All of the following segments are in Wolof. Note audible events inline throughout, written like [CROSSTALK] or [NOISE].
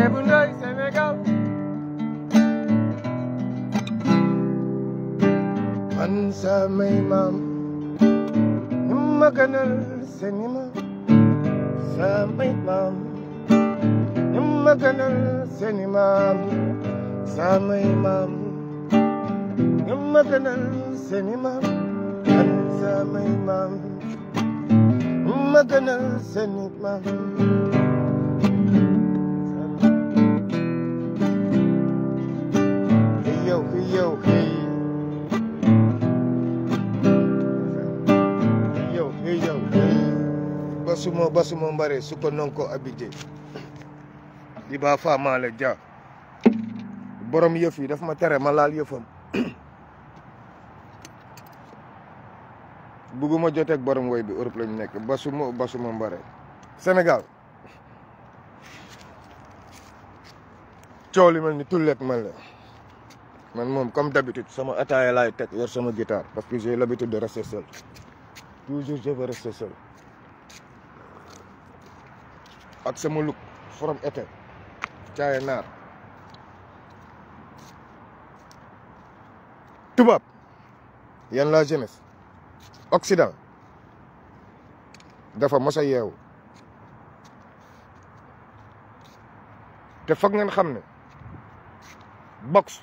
Every night se me go. Ansa may mam. Nimmaganal sinima. Sa may mam. Nimmaganal sinima. Sa may mam. Nimmaganal sinima. Ansa may mam. Nimmaganal Yo, hey. Yo, hey, yo, hey. Basuma, basuma mbare, suko nonko abidé. Liba fama le ja. Borom yëf yi daf ma tere ma laal yëfam. [CLEARS THROAT] bugguma joteeg borom woy bi Europe lañu nekk basuma basuma mbare senegal coow li mel ni tulleeg mel man moom comme d'habitude sama ataaya lay teg yor soma guitare parce que j'ai l'habitude de rester seul toujours je veux rester seul ak sama look from été caaye naar tubaab yan la jeunesse Occident dafa mos a yeewu te foog ngeen xam ne boxe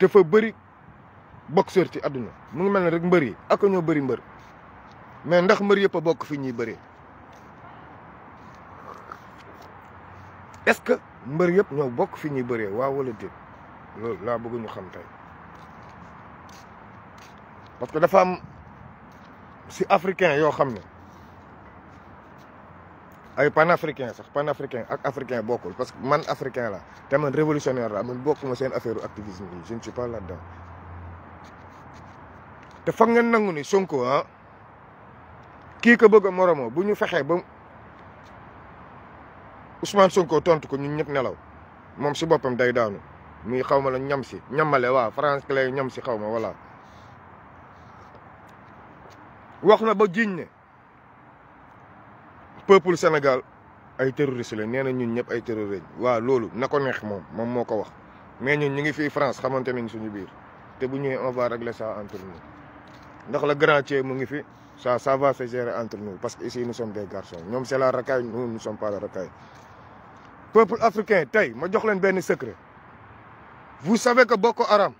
dafa bëri boxeur ci àdduna mu ngi mel ne rek mbër yi ak ñoo bëri mbër mais ndax mbër yëpp a bokk fi ñuy bëri est-ce que mbër yëpp ñoo bokk fi ñuy bëree waaw wala déet loolu laa bëgg ñu xam parce que dafa am si africain yoo xam ne. ay panafricain sax panafricain ak africain bokkul parce que man africain la te man révolutionnaire la man bokkuma seen affaire activisme yi je ne suis pas là-dedans te foog ngeen nangu ni Sonko ah kii ko bëgg a moromoo bu ñu fexee ba Ousmane Sonko tontu ko ñu ñëpp nelaw moom si boppam day daanu muy xaw ma la ñam si ñamale waaw France lay ñam si xaw ma voilà wax na ba jiñ ne peuple Sénégal ay terroristes la néna ñun ñëpp ay terroristes Wa lolu na ko neex mom moom wax mais ñun ñu ngi fi France xamante suñu biir té bu ñëwé on va régler ça entre nous ndax le grand Thié mu ngi fi ça ça va se gérer entre nous parce que ici nous sommes des garçons ñom c'est la racaille nous ne sommes pas la racaille. peuple africain tay ma jox leen benn secret vous savez que Boko Haram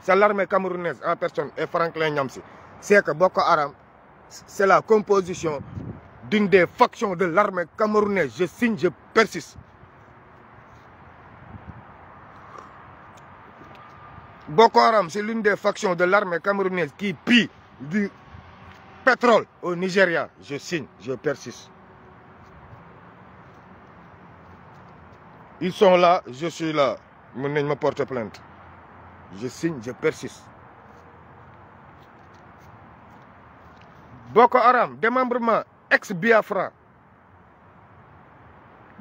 c'est l'armée camerounaise en personne et Franklin Nyamsi c'est que Boko Haram c'est la composition d'une des factions de l'armée camerounaise. Je signe, je persiste. Boko Haram, c'est l'une des factions de l'armée camerounaise qui pille du pétrole au Nigeria. Je signe, je persiste. Ils sont là, je suis là. Je me porte plainte. Je signe, je persiste. Boko Haram, démembrement ex Biafra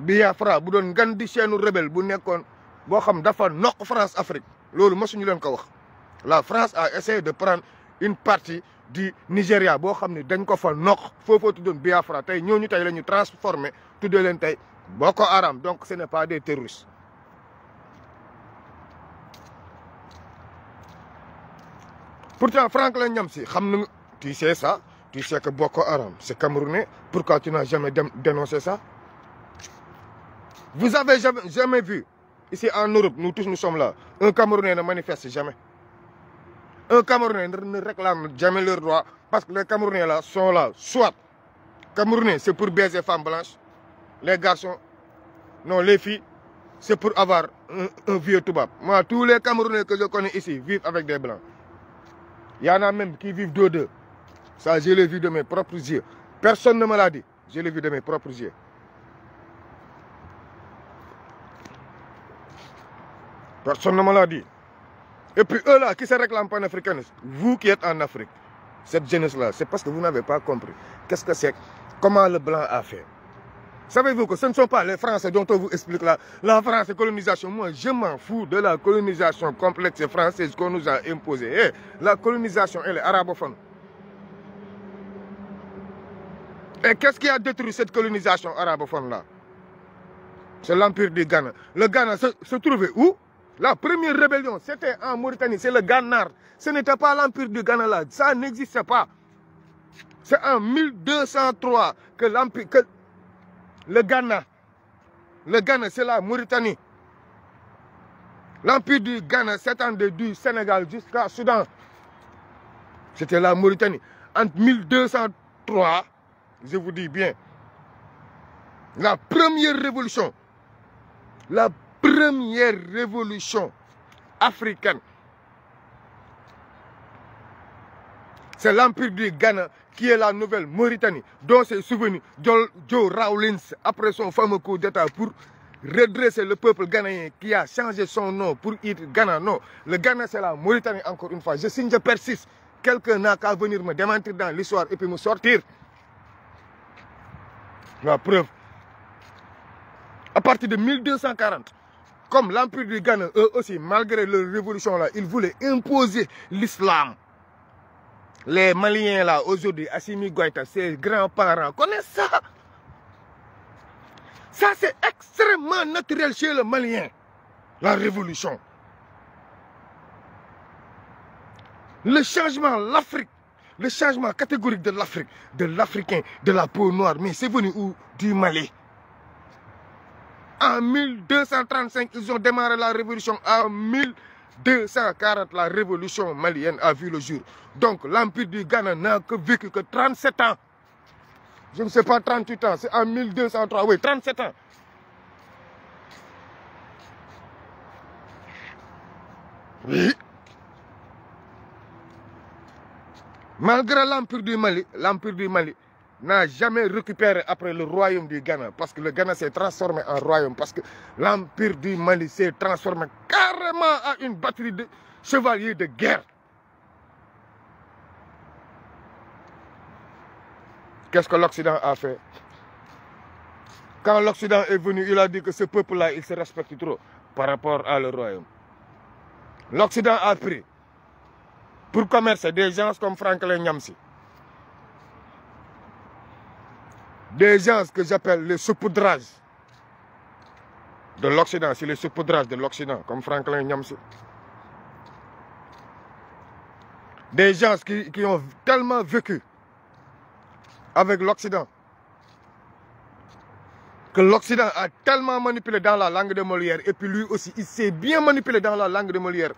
Biafra bu doon ngan des rebelles rebelle bu nekkoon boo xam dafa noq France Afrique ce que leen ko wax la France a essayé de prendre une partie du Nigeria boo xam fait dañ ko fa noq Biafra ils ñooñu transformé tout le monde. Boko Haram donc ce n'est pas des terroristes pourtant Franklin Nyamsi xam na tu sais ça tu sais que Boko Haram, c'est Camerounais. Pourquoi tu n'as jamais dénoncé ça Vous avez jamais, vu, ici en Europe, nous tous nous sommes là, un Camerounais ne manifeste jamais. Un Camerounais ne réclame jamais leurs droits parce que les Camerounais là sont là. Soit, Camerounais, c'est pour baiser femmes blanches, les garçons, non, les filles, c'est pour avoir un, vieux tout Moi, tous les Camerounais que je connais ici vivent avec des blancs. Il y en a même qui vivent deux-deux. Ça, je l'ai vu de mes propres yeux. Personne ne me l'a dit. Je l'ai vu de mes propres yeux. Personne ne me l'a dit. Et puis eux là, qui se réclament panafricanistes, vous qui êtes en Afrique, cette jeunesse-là, c'est parce que vous n'avez pas compris. Qu'est-ce que c'est Comment le blanc a fait Savez-vous que ce ne sont pas les Français dont on vous explique là. La France, colonisation. Moi, je m'en fous de la colonisation complexe française qu'on nous a imposée. Eh, la colonisation, elle est arabophone. Et qu'est-ce qui a détruit cette colonisation fond là C'est l'empire du Ghana. Le Ghana se, trouvait où La première rébellion, c'était en Mauritanie, c'est le Ghana. Ce n'était pas l'empire du Ghana là, ça n'existait pas. C'est en 1203 que l'empire, que le Ghana, le Ghana c'est la Mauritanie. L'empire du Ghana s'étendait du Sénégal jusqu'à Soudan. C'était la Mauritanie. Entre 1203 je vous dis bien, la première révolution, la première révolution africaine, c'est l'Empire du Ghana qui est la nouvelle Mauritanie, dont s'est souvenu Joe, Rawlins après son fameux coup d'État pour redresser le peuple ghanéen qui a changé son nom pour être Ghana. Non, le Ghana c'est la Mauritanie encore une fois. Je signe, je persiste. Quelqu'un n'a qu'à venir me démentir dans l'histoire et puis me sortir. La preuve. À partir de 1240, comme l'Empire du Ghana, eux aussi, malgré leur révolution, là, ils voulaient imposer l'islam. Les Maliens, là, aujourd'hui, Assimi Goïta, ses grands-parents connaissent ça. Ça, c'est extrêmement naturel chez le Malien, la révolution. Le changement, l'Afrique, le changement catégorique de l'Afrique, de l'Africain, de la peau noire, mais c'est venu où Du Mali. En 1235, ils ont démarré la révolution. En 1240, la révolution malienne a vu le jour. Donc l'Empire du Ghana n'a que vécu que 37 ans. Je ne sais pas, 38 ans. C'est en 1203, oui, 37 ans. Oui. Malgré l'Empire du Mali, l'Empire du Mali n'a jamais récupéré après le royaume du Ghana, parce que le Ghana s'est transformé en royaume, parce que l'Empire du Mali s'est transformé carrément en une batterie de chevaliers de guerre. Qu'est-ce que l'Occident a fait Quand l'Occident est venu, il a dit que ce peuple-là, il se respecte trop par rapport à le royaume. L'Occident a pris pour commercer des gens comme Franklin Nyamsi. Des gens que j'appelle les saupoudrages de l'Occident, c'est les saupoudrages de l'Occident, comme Franklin Nyamsi. Des gens qui ont tellement vécu avec l'Occident que l'Occident a tellement manipulé dans la langue de Molière et puis lui aussi, il s'est bien manipulé dans la langue de Molière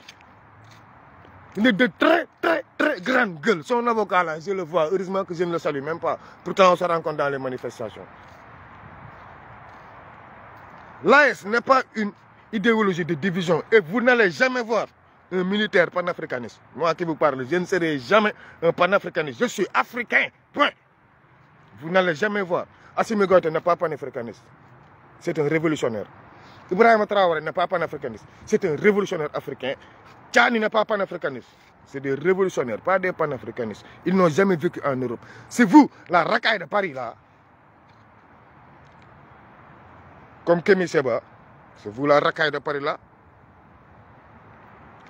il est de très, très, très grande gueule. Son avocat, là, je le vois. Heureusement que je ne le salue même pas. Pourtant, on se rencontre dans les manifestations. L'AS n'est pas une idéologie de division. Et vous n'allez jamais voir un militaire panafricaniste. Moi qui vous parle, je ne serai jamais un panafricaniste. Je suis africain. Point. Vous n'allez jamais voir. Assimi Goïta n'est pas panafricaniste. C'est un révolutionnaire. Ibrahim Traoré n'est pas panafricaniste. C'est un révolutionnaire africain Tchani n'est pas panafricaniste. C'est des révolutionnaires, pas des panafricanistes. Ils n'ont jamais vécu en Europe. C'est vous, la racaille de Paris, là. Comme Kémy Seba. C'est vous, la racaille de Paris, là.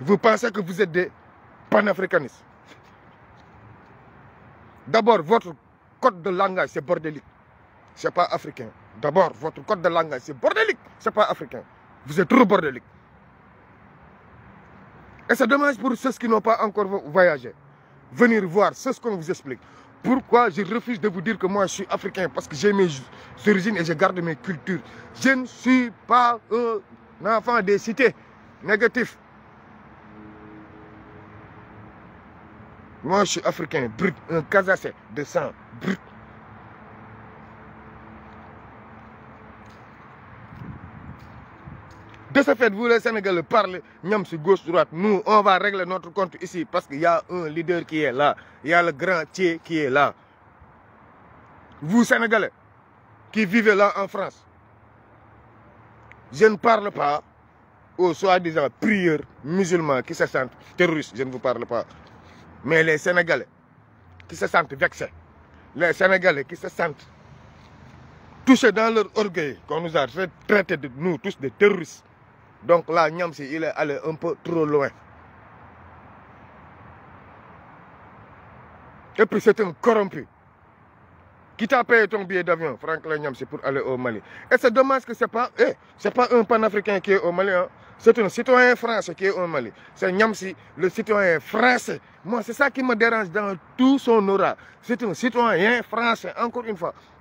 Vous pensez que vous êtes des panafricanistes. D'abord, votre code de langage, c'est bordélique. C'est pas africain. D'abord, votre code de langage, c'est bordélique. C'est pas africain. Vous êtes trop bordélique. Et c'est dommage pour ceux qui n'ont pas encore voyagé. Venir voir, c'est ce qu'on vous explique. Pourquoi je refuse de vous dire que moi je suis africain Parce que j'ai mes origines et je garde mes cultures. Je ne suis pas un enfant des cités. Négatif. Moi je suis africain, brut, un casassé de sang, brut. De ce fait, vous, les Sénégalais, parlez, nous gauche-droite. Nous, on va régler notre compte ici parce qu'il y a un leader qui est là. Il y a le grand Thier qui est là. Vous, Sénégalais, qui vivez là en France, je ne parle pas aux soi-disant prieurs musulmans qui se sentent terroristes. Je ne vous parle pas. Mais les Sénégalais qui se sentent vexés, les Sénégalais qui se sentent touchés dans leur orgueil, qu'on nous a traités de nous tous des terroristes, donc là, Niamsi, il est allé un peu trop loin. Et puis c'est un corrompu. Qui t'a payé ton billet d'avion, Franklin Niamsi, pour aller au Mali Et c'est dommage que ce n'est pas, eh, pas un panafricain qui est au Mali. Hein. C'est un citoyen français qui est au Mali. C'est Niamsi, le citoyen français. Moi, c'est ça qui me dérange dans tout son aura. C'est un citoyen français, encore une fois.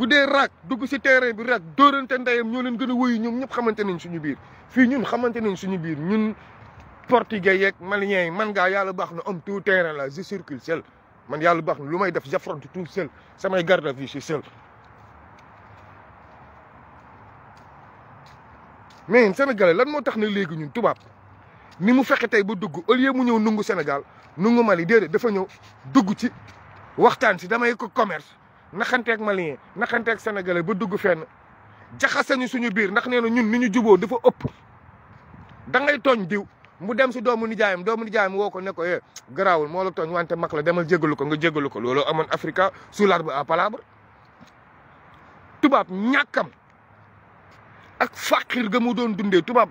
bu dee raak dugg si terrain bi raak dóorante ndeyam ñoo leen gën a wëyu ñoom ñëpp xamante nañ suñu biir fii ñun xamante ñu suñu biir ñun portugais yeeg maliens yi man ngaa yàlla baax na om tout terrain la je circule seul man yàlla baax na lu may def j'affronte tout seul samay garde à vue si seul mais sénégalais lan moo tax na léegi ñun tubaab ni mu fexe tey ba dugg au lieu mu ñëw nungu Sénégal nungu Mali déedéet dafa ñëw dugg ci waxtaan si damay ko commerce naxanteeg malien naxanteeg sénégalais ba dugg fenn jaxase ñu suñu biir nax nee na ñun ni ñu juboo dafa ëpp da ngay tooñ diw mu dem si doomu nijaayam doomu nijaayam woo ko ne ko eh garaawul moo la tooñ wante mag la demal jégalu ko nga jégalu ko loolu amoon su sous l'arbre a palabre tubaab ñàkkam ak fàqir ga mu doon dundee tubaab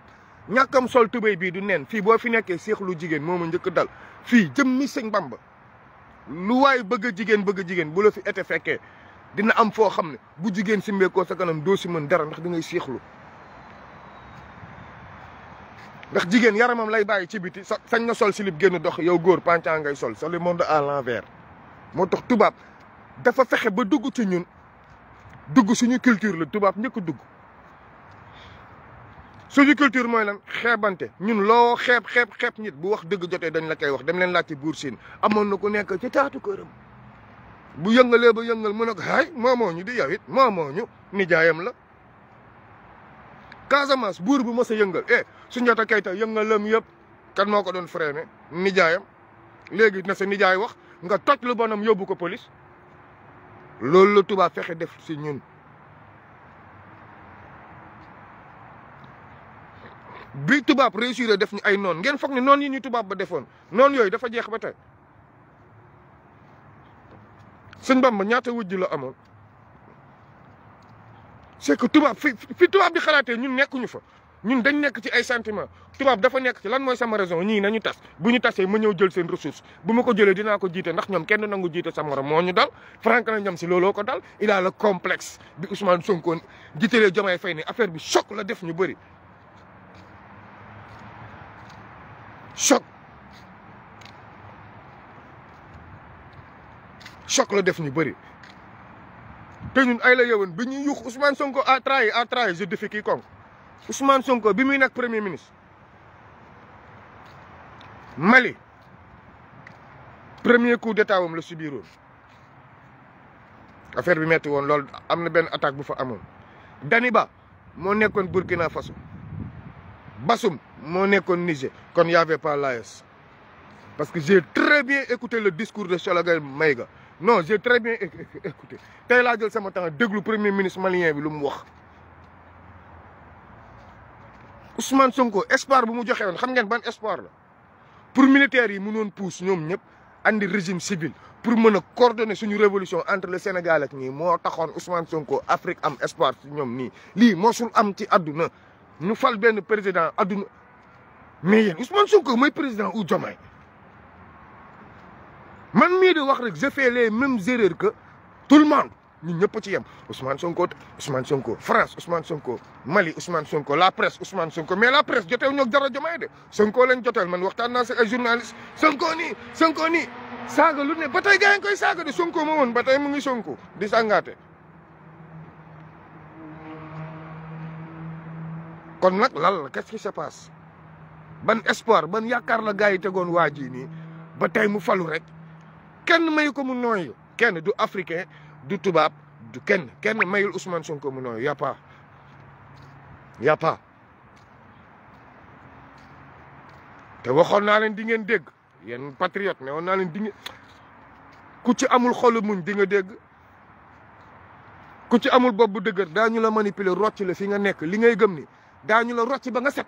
ñàkkam sol tubéy bii du neen fii boo fi nekkee seexlu jigéen moom ma njëkk dal fii jëm mi sëñ Bamba lu waay bëgg jigéen bëgg jigéen bu la fi été fekkee dina am foo xam ne bu jigéen simbeekoo sa kanam doo si mën dara ndax da ngay siixlu ndax jigéen yaramam lay bàyyi ci biti sa sañ na sol silib génn dox yow góor pancan ngay sol c'est le monde à l'envers moo tax tubaab dafa fexe ba dugg ci ñun dugg suñu culture la tubaab ñëkk dugg suñu culture mooy lan xeebante ñun loo xeeb xeeb xeeb nit bu wax dëgg jotee dañ la koy wax dem leen laajte buur siin amoon na ko nekk ci taatu këram bu yëngalee ba yëngal mu ne ko hay moomoo ñu di yow it moomoo ñu nijaayam la Casamance buur bu mës a yëngal eh Soundiata Keita yëngalam yëpp kan moo ko doon freiné nijaayam léegi na sa nijaay wax nga toj lu bonam yóbbu ko police loolu la tubaab fexe def si ñun bi tubaab réussir def ñu ay noon ngeen foog ni noon yi ñu tubaab ba defoon noon yooyu dafa jeex ba tey sëñ Bamba ñaata wujj la amoon c'est que tubaab fi fi tubaab di xalaatee ñun nekkuñu fa ñun dañ nekk ci ay sentiment tubaab dafa nekk ci lan mooy sama raison ñii ñu tas bu ñu tasee ma ñëw jël seen ressource bu ma ko jëlee dinaa ko jiite ndax ñoom kenn nangu jiite sa morom moo ñu dal Franklin Ndiam si looloo ko dal il a le complexe bi Ousmane Sonko jiitelee Diomaye Faye ne affaire bi choc la def ñu bëri choc choc la def ñu bëri te ñun ay la yowoon bi ñuy yux Ousmane Sonko a trahi a trahi je défie quiconque Ousmane Sonko bi muy nekk premier ministre Mali premier coup d'état wam la subiroon affaire bi metti woon loolu am na benn attaque bu fa amoon Daniba moo nekkoon Burkina Faso Basum mon nekkoon Niger il y avait pas l'AES parce que j'ai très bien écouté le discours de Choguel Maïga non j'ai très bien écouté tey laa jël sama temps déglu premier ministre malien bi lu Ousmane Sonko espoir vous mu joxe woon xam ngeen ban espoir la pour militaires yi mënoon pousse ñoom ñëpp andi régime civil pour mën coordonner une révolution entre le Sénégal et nous. C'est taxoon Ousmane Sonko Afrique am espoir ci ñoom nii lii mosul am ci àdduna ñu fal benn président mais Ousmane Sonko mooy président ou Diomaye man mii de wax rek je fais les mêmes erreurs que tout le monde Nous ñëpp ci Ousmane Sonko Ousmane Sonko France Ousmane Sonko Mali Ousmane Sonko la presse Ousmane Sonko mais la presse joteewu ñoog dara Diomaye de Sonko lañ joteel man waxtaan naa si ay journalistes. Sonko ni, Sonko ni. Saga, lu ne ba tey gaa ngi koy de Sonko ma woon ba tey mu ngi Sonko di sàngaate kon nag lan qu'est-ce qui se passe ban espoir ban yakar la gars wajini, waji ni ba tay mu falu rek kenn mayu ko mu noy kenn du africain du tubab du kenn kenn mayul Ousmane Sonko mu noy y'a pa y'a pa te waxon na len di ngeen deg yéen patriote ne woon na len di ku ci amul xol muñ di nga deg ku ci amul bobu bu dañu la manipuler rocc le fi nga nek li ngay gëm ni dañu la rocc ba nga set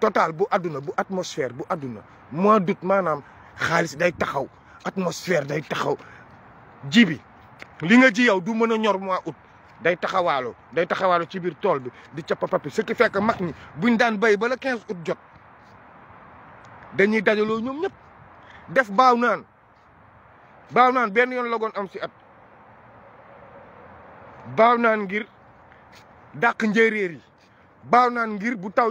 total bu aduna bu atmosphère bu aduna. mois d'août manam khalis day taxaw atmosphère day taxaw jibi li nga ji yow du meuna a ñor mois août day taxawalo day tolbi ci bir tol bi di ci papi ce qui fait que mag ni buñ daan bay ba le 15 août jot dañuy dajalo ñom ñep def baaw naan baaw naan yon la gon am ci at baw naan ngir dak njéeréer yi baaw naan ngir bu taw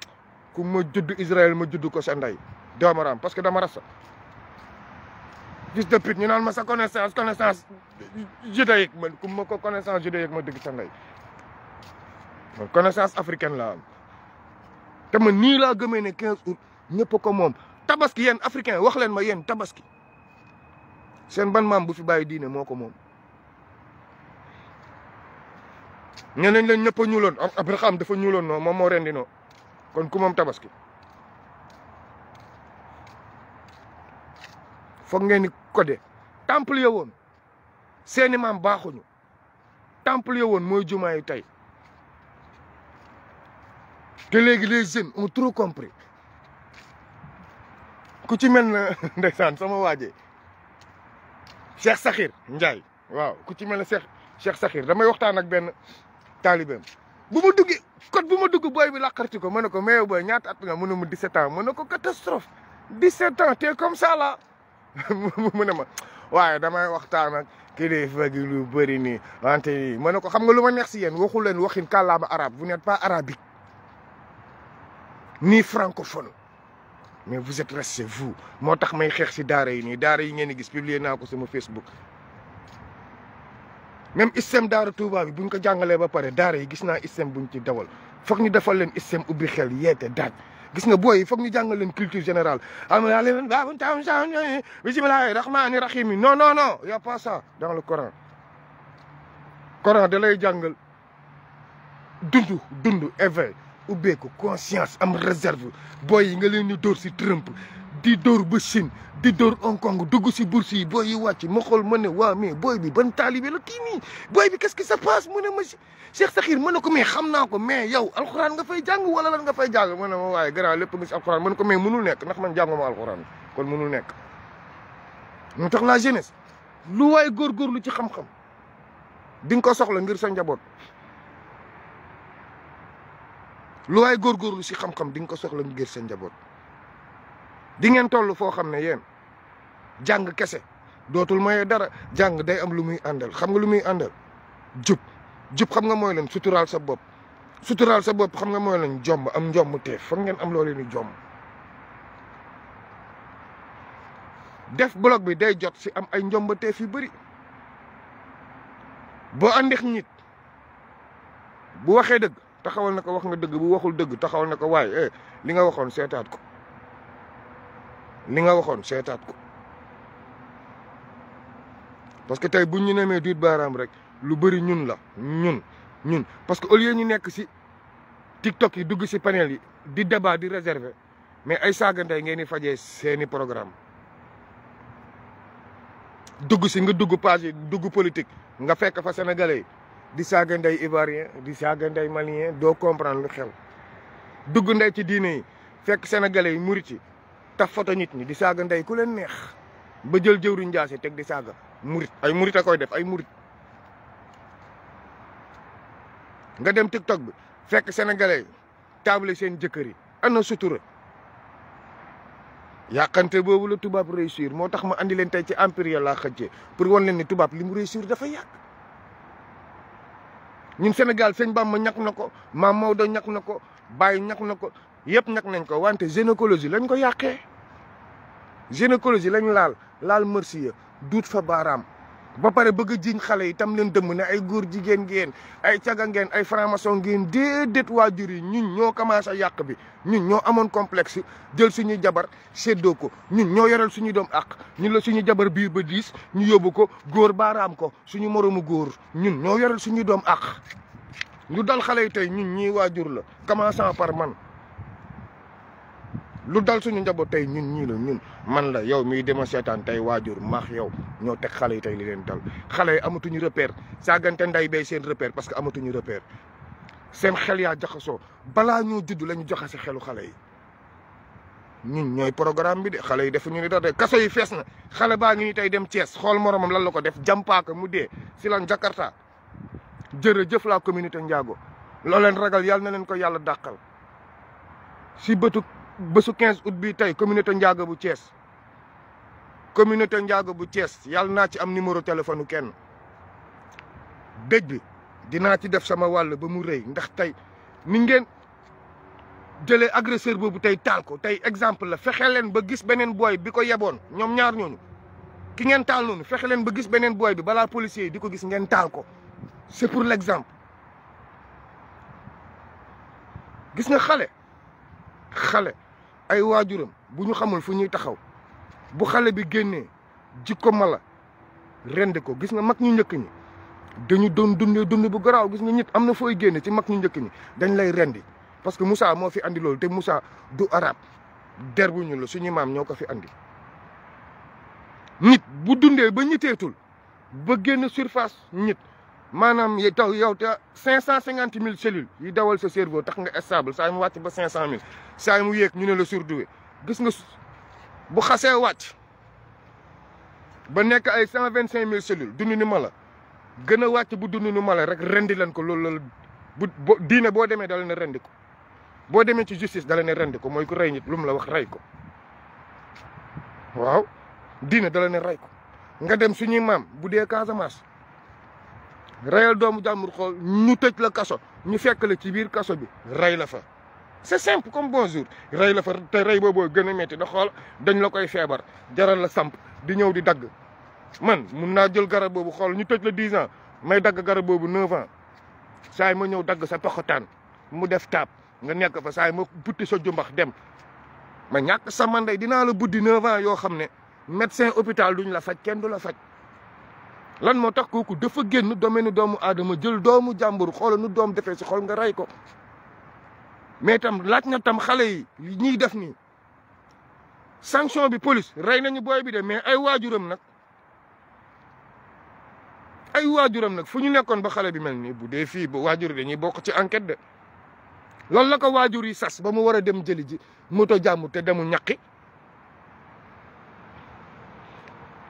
ku ma judd Israël ma judd ko sa ndey doomu ram parce que dama rasa gis de pute ñu naan ma sa connaissance connaissance judaïque man ku ma ko connaissance judaïque ma dëgg sa ndey man connaissance africaine la te man ni la gëmé né 15 août ñëpp ko mom tabaski yeen africain wax leen ma yeen tabaski sen ban mam bu fi baye diiné moko mom moom ñeneen lañ ñëpp a ñuuloon Abraham dafa ñuuloon no mom mo rendi noo kon ku moom tabaski foog ngeen ni codé temple yo woon seeni maam baaxuñu temple yo woon mooy jumaa yu tey te léegi les jeunes ont trop compris ku ci mel na [LAUGHS] ndeysaan sama waaje Cheikh Sakhir Ndiaye waaw ku ci mel na Cheikh Cheikh Sakhir damay waxtaan ak benn taalibeem bu mu duggee kon buma dugg boy bi lakarti ko ma meew boy ñaat at nga mu 17 ans ma catastrophe 17 ans té comme ça là [LAUGHS] mu ne ma waaye damay waxtaan ak kilifa gi lu bari ni wante ni ma xam nga luma neex ci yeen waxul len waxin kàllaama arab vous n'êtes pas arabique ni francophone mais vous êtes resté vous motax may xex ci daara yi ni daara yi ngeen gis publier naa ko sama Facebook même système daar Touba bi buñ ko jàngalee ba pare daara yi gis naa système buñ ci dawal foog ñu defal leen système ubbi xel yeete daaj gis nga booy yi foog ñu jàngal leen culture générale am naa leen baabu taam saam bisimilahi rahmaani rahim non non non y a pas ça dans le Coran Coran da lay jàngal dund dund éveil ubbeeku conscience am réserve booy yi nga leen di dóor si Trump di dóor ba Chine di dor Hong Kong dugg si bourse yi booy yi wàcc ma xool ma ne waa mais booy bi ban taalibe la kii nii booy bi quest que qui se passe mu ne ma sa Sakhir ma ne ko mais xam naa ko mais yow alxuraan nga fay jàng wala la nga fay jàng ma ne ma waaye gannaaw lépp nga si alxuraan ma ne ko mais mënul nekk ndax man jànguma alxuraan kon mënul nekk. mu tax la jeunesse lu waay góorgóorlu ci xam-xam di nga ko soxla ngir sa njaboot. lu waay góorgóorlu si xam-xam di nga ko soxla ngir sa njaboot. di ngeen toll foo xam ne yeen jàng kese dootul mooy dara jàng day am lu muy àndal xam nga lu muy àndal jub jub xam nga mooy leen sutural sa bopp sutural sa bopp xam nga mooy leen jomb am njomb teef foo ngeen am loo leen di jomb def blog bi day jot si am ay njomb teef yu bëri boo àndeex nit bu waxee dëgg taxawal na ko wax nga dëgg bu waxul dëgg taxawal na ko waaye eh, li nga waxoon seetaat ko ni nga waxoon seetaat ko parce que tey buñ ñu nemee duut baaraam rek lu bëri ñun la ñun ñun parce que au lieu ñu nekk si TikTok yi dugg si panel yi di débat di réserver mais ay saaga ndey ngeen di fajee seeni programme dugg si nga dugg page yi dugg politique nga fekk fa sénégalais yi di saaga ndey ivoirien di saaga ndey malien doo comprendre lu xew dugg ndey ci diine yi fekk sénégalais yi murit yi taf foto nit ñi di saaga ndey ku leen neex ba jël jëwriñ Ndiassé teg di saaga murit ay murit koy def ay murit nga dem TikTok bi fekk sénégalais yi seen jëkkër yi ana sutura yàqante boobu la tubaab réussir moo tax ma andi leen ci empire laa xëccee pour wan leen ni tubaab li mu réussir dafa yàq ñun Sénégal sëñ ma ñàkk na ko Maam Maodo ñàkk na ko Baye ñàkk na ko yëpp ñàkk nañ ko wante gynécologie lañ ko yàqee. gynécologie lañ laal laal mercier duut fa baaraam ba pare bëgg a xale yi tam leen dëmm ne ay góor jigéen géen ay caga ngeen ay franc-maçon ngeen déedéet waajur yi ñun ñoo commencé yàq bi ñun ñoo amoon complexe jël suñu jabar séddoo ko ñun ñoo yoral suñu doom àq ñun la suñu jabar biir ba diis ñu yóbbu ko góor baaraam ko suñu moroomu góor ñun ñoo yoral suñu doom àq ñu dal xale yi tey ñun ñii waajur la commençant par man lu dal suñu njaboot tey ñun ñii la ñun man la yow miy dema seetaan tey waajur maax yow ñoo teg xale yi tey li leen dal xale yi amatuñu repère saagante nday bay seen repère parce que amatuñu repère seen xel yaa jaxasoo balaa ñoo juddu lañu ñu jaxase xelu xale yi ñun ñooy programme bi de xale yi defuñu ni dara de kaso yi fees na xale baa ngi tey dem Thiès xool moromam lan la ko def jàmpaaka mu dee si lan Jakarta jërëjëf la communauté Ndiago loo leen ragal yàlla na leen ko yàlla dàqal bésu 15 août bi tey communauté Ndiaga bu cees communauté Ndiaga bu Thiès yàlla naa ci am numéro téléphone kenn dëj bi dinaa ci def sama wàll ba mu rëy ndax tey ni ngeen jëlee agresseur boobu tey taal ko tey exemple la fexe leen ba gis beneen booy bi ko yeboon ñoom ñaar ñooñu ki ngeen taal noonu fexe leen ba gis beneen booy bi balaa policier di ko gis ngeen taal ko c'est pour l'exemple gis nga xale xale ay wajuram buñu xamul fuñuy taxaw bu xalé bi génné jikko mala rendé ko gis nga mak ñu ñëk ñi dañu doon dundé dund bu graw gis nga nit amna foy génné ci mak ñu ñëk ñi dañ lay rendi parce que Moussa mo fi andi lool té Moussa du arab der bu ñu la suñu mam ñoo ko fi andi nit bu dundé ba ñiteetul ba génné surface nit yi taw yow te 550000 cent cellules yi dawal sa cerveau tax nga stable say mu wacc ba 500000 say mu yek ñu ne le surdoué gis nga bu xasse wacc ba nek ay 125000 vingt cinq cellules dund ni mala gëna wacc bu dundu ni mala rek rendi lan ko loolu la bu diine boo demee rendi ko bo démé ci justice dal na rendi ko moy ku ray nit lum la wax ray ko waw diina dal na ray ko nga dem suñu mam budé Casamance rayal doomu jamour xool ñu tëj la kaso ñu fekk la ci biir kaso bi ray la fa. c'est simple comme bonjour ray la fa te ray bo bo, a métti da xol dañ la koy fébar jaral la samp di ñew di dag man mun na jël garab boobu xol ñu tëj la 10 ans may dag garab boobu neuf ans say ma ñew dag sa toxotaan mu def tap, nga nekk fa say ma butti sa jumbax dem. ma ñàkk sama ndey dina la buddi neuf ans yo xam médecin hôpital duñ la faj kenn du la faj. lan moo tax kooku dafa génn domaine doomu aadama jël doomu jàmbur xoola nu doom defee si xool nga rey ko mais tam laaj na tam xale yi ñuy def nii sanction bi police rey nañu booy bi de mais ay waajuram nag ay waajuram nag fu ñu nekkoon ba xale bi mel nii bu dee fii ba waajur dañuy bokk ci enquête de loolu la ko waajur yi sas ba mu war a dem jëli ji moto jàmm te demu ñaqi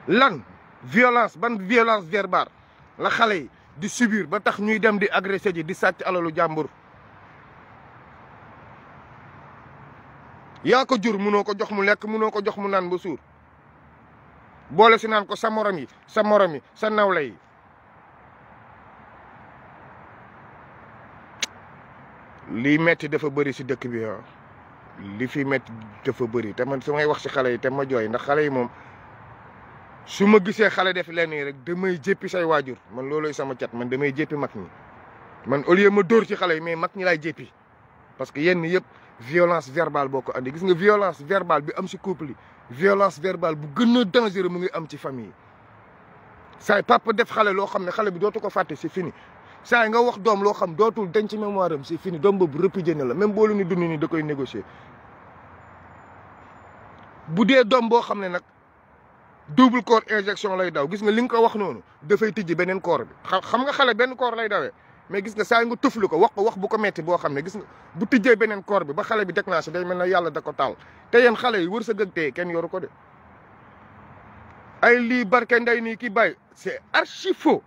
lan violence ban violence verbale la xale du di subir ba tax ñuy dem di agressé ji di à alalu jàmbur. Yako ko jur munoo ko jox mu lekk que ko jox mu naan ba suur boole si naan ko sa morom yi sa morom yi sa nawle yi. lii metti dafa beuri si dëkk bi ah. li fi metti dafa beuri. te man wax si te ma jooy ndax xale yi su ma gisee xale def lenn yi rek damay jéppi say waajur man loolooy sama cat man damay jéppi mag ñi man au lieu ma dóor ci xale yi mais mag ñi laay jéppi parce que yenn yëpp violence verbale boo ko andi gis nga violence verbale bi am si couple yi violence verbale bu gën a dangereux mu ngi am ci famille yi saay papa def xale loo xam ne xale bi dootu ko fàtte si fini saay nga wax doom loo xam dootul denc ci mémoire am c'est fini doom boobu répudié na la même boo lu ni dund ni da koy négocier bu dee doom boo xam ne nag double corps injection lay daw gis nga li nga ko wax noonu dafay tijji beneen corps bi xam nga xale benn corps lay dawee mais gis nga saa nga tëflu ko wax ko wax bu ko metti boo xam ne gis nga bu tijjee beneen corps bi ba xale bi déclenché day mel ne yàlla da ko taal te yéen xale yi wër sa gëg tey kenn yoru ko de ay lii barke nday nii kii bàyyi c'est archi faux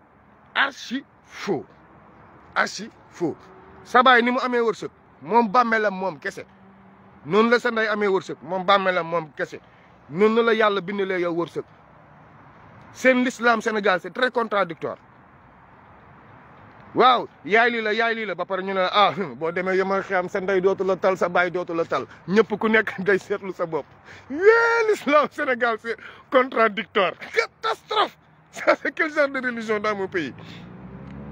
archi faux archi faux sa baay ni mu amee wërsëg moom bàmmeelam moom kese noonu la sa nday amee wërsëg moom bàmmeelam moom kese noonu la yàlla bindalee yow wërsëg seen l'islam Sénégal c'est très contradictoire waaw yaay lii la yaay lii la ba pare ñu ne la ah boo demee yama xam sa ndey dootu la tal sa baay dootu la tal ñëpp ku nekk [LAUGHS] day seetlu sa bopp yee l'islam Sénégal c'est contradictoire catastrophe [LAUGHS] ça c'est quel genre de religion dans mon pays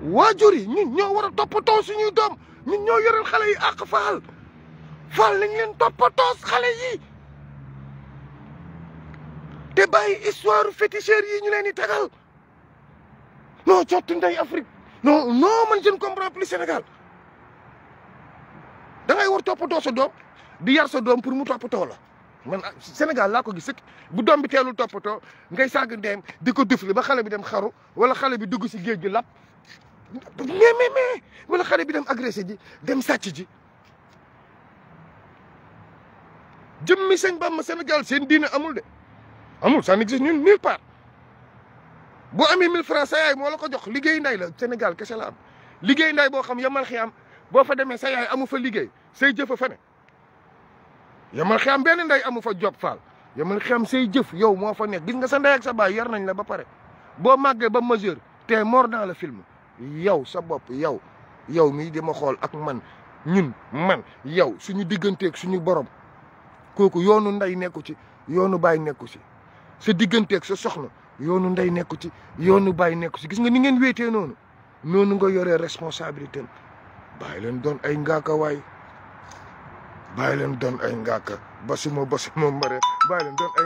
waajur yi ñun ñoo war a toppatoo suñuy doom ñun ñoo yoreel xale yi àq faal faal nañ leen toppatoo xale yi te bàyyi histoire féticheur yi ñu leen di tagal non cottu ndey Afrique non non man je comprendre plus Sénégal da ngay war do sa dom di yar sa dom pour mu to la man ah, Sénégal la ko gis ak bu dom bi top to ngay sag dem diko defli ba xalé bi dem xaru wala xalé bi dugg ci geej gi lap mais mais mais wala xalé bi dem agresser ji dem satch ji jëmmi señ bam Sénégal seen diine amul de amul ça n'existe ñun nulle part bu amé 1000 francs sa yaay mo la ko jox liguey nday la Sénégal kessé la am liguey nday bo xam yamal xiyam bo fa démé sa yaay amu fa liguey say jëf fa né yamal xiyam benn nday amu fa job fal yamal xiyam say jëf yow mo fa né gis nga sa nday ak sa baay yar nañ la ba paré bo maggé ba majeur té mort dans le film yow sa yau, yow yow mi di xol ak man ñun man yow suñu ak suñu borom koku yoonu nday nekku ci yoonu bay nekku sa digganteeg sa soxna yoonu ndey nekku ci yoonu bàyyi nekku ci gis nga ni ngeen wéetee noonu noonu nga yore responsabilité am leen doon ay ngaaka waay bàyyi leen doon ay ngaaka basuma basuma mbare bàyyi leen doon ay